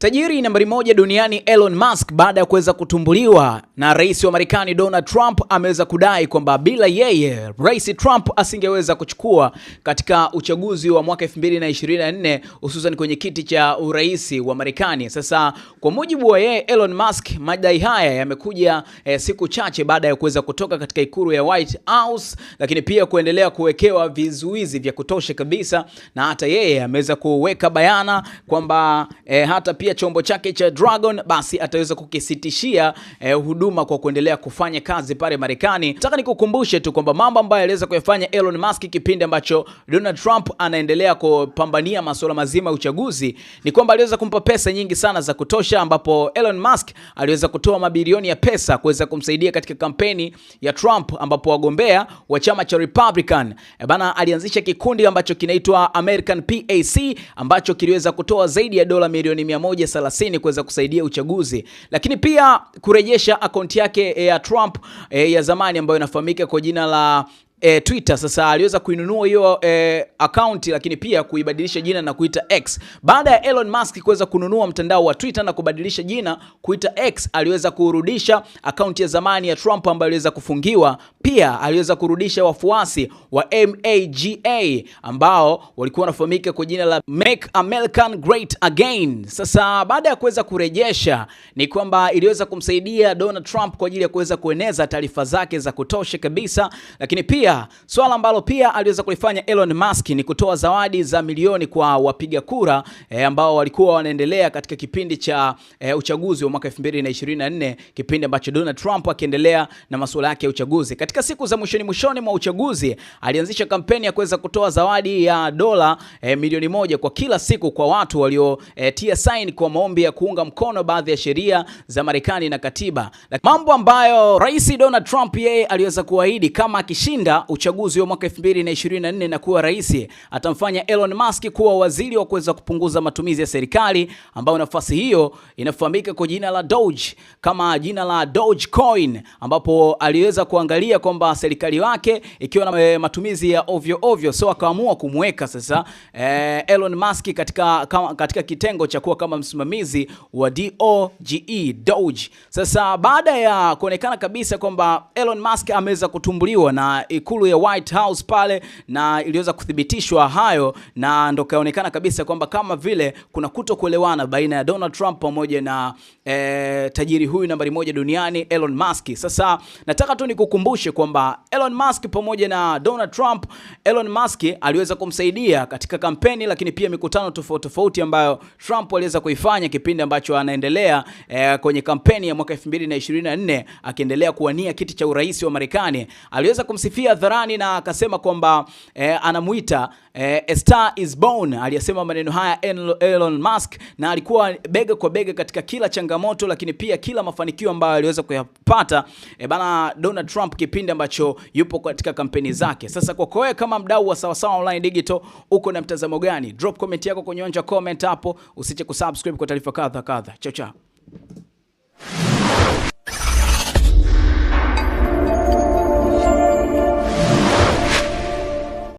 Tajiri nambari moja duniani Elon Musk baada ya kuweza kutumbuliwa na rais wa Marekani Donald Trump ameweza kudai kwamba bila yeye Rais Trump asingeweza kuchukua katika uchaguzi wa mwaka 2024 hususan kwenye kiti cha urais wa Marekani. Sasa kwa mujibu wa yeye Elon Musk, madai haya yamekuja eh, siku chache baada ya kuweza kutoka katika ikulu ya White House, lakini pia kuendelea kuwekewa vizuizi vya kutosha kabisa, na hata yeye ameweza kuweka bayana kwamba eh, hata pia kupitia chombo chake cha Dragon, basi ataweza kukisitishia eh, huduma kwa kuendelea kufanya kazi pale Marekani. Nataka nikukumbushe tu kwamba mambo ambayo aliweza kuyafanya Elon Musk kipindi ambacho Donald Trump anaendelea kupambania masuala mazima ya uchaguzi ni kwamba aliweza kumpa pesa nyingi sana za kutosha, ambapo Elon Musk aliweza kutoa mabilioni ya pesa kuweza kumsaidia katika kampeni ya Trump, ambapo wagombea wa chama cha Republican e bana, alianzisha kikundi ambacho kinaitwa American PAC ambacho kiliweza kutoa zaidi ya dola milioni 130 kuweza kusaidia uchaguzi, lakini pia kurejesha akaunti yake eh, ya Trump eh, ya zamani ambayo inafahamika kwa jina la E, Twitter sasa aliweza kuinunua hiyo e, akaunti lakini pia kuibadilisha jina na kuita X. Baada ya Elon Musk kuweza kununua mtandao wa Twitter na kubadilisha jina kuita X, aliweza kurudisha akaunti ya zamani ya Trump ambayo iliweza kufungiwa pia aliweza kurudisha wafuasi wa MAGA ambao walikuwa wanafahamika kwa jina la Make American Great Again. Sasa baada ya kuweza kurejesha, ni kwamba iliweza kumsaidia Donald Trump kwa ajili ya kuweza kueneza taarifa zake za kutosha kabisa, lakini pia swala ambalo pia aliweza kulifanya Elon Musk ni kutoa zawadi za milioni kwa wapiga kura e, ambao walikuwa wanaendelea katika kipindi cha e, uchaguzi wa mwaka 2024 kipindi ambacho Donald Trump akiendelea na masuala yake ya uchaguzi. Katika siku za mwishoni mwishoni mwa uchaguzi alianzisha kampeni ya kuweza kutoa zawadi ya dola e, milioni moja kwa kila siku kwa watu waliotia eh, e, sign kwa maombi ya kuunga mkono baadhi ya sheria za Marekani na katiba, mambo ambayo Rais Donald Trump yeye aliweza kuahidi kama akishinda uchaguzi wa mwaka 2024 na kuwa rais atamfanya Elon Musk kuwa waziri wa kuweza kupunguza matumizi ya serikali, ambayo nafasi hiyo inafahamika kwa jina la Doge, kama jina la Dogecoin, ambapo aliweza kuangalia kwamba serikali wake ikiwa na eh, matumizi ya ovyo ovyo, so akaamua kumweka sasa eh, Elon Musk katika, katika kitengo cha kuwa kama msimamizi wa DOGE, Doge. Sasa baada ya kuonekana kabisa kwamba Elon Musk ameweza kutumbuliwa na ikulu ya White House pale na iliweza kuthibitishwa hayo na ndo kaonekana kabisa kwamba kama vile kuna kutokuelewana baina ya Donald Trump pamoja na eh, tajiri huyu nambari moja duniani Elon Musk. Sasa nataka tu nikukumbushe nikumbushe kwamba Elon Musk pamoja na Donald Trump, Elon Musk aliweza kumsaidia katika kampeni, lakini pia mikutano tofauti tofauti ambayo Trump aliweza kuifanya kipindi ambacho anaendelea eh, kwenye kampeni ya mwaka 2024 akiendelea kuwania kiti cha urais wa Marekani. Aliweza kumsifia hadharani na akasema kwamba eh, anamuita eh, a star is born. Aliyasema maneno haya Elon Musk na alikuwa bega kwa bega katika kila changamoto, lakini pia kila mafanikio ambayo aliweza kuyapata eh, bana Donald Trump kipindi kipindi ambacho yupo katika kampeni zake. Sasa kwa wewe kama mdau wa Sawasawa Online Digital uko na mtazamo gani? Drop comment yako kwenye onja comment hapo, usiche kusubscribe kwa taarifa kadha kadha. Chao chao.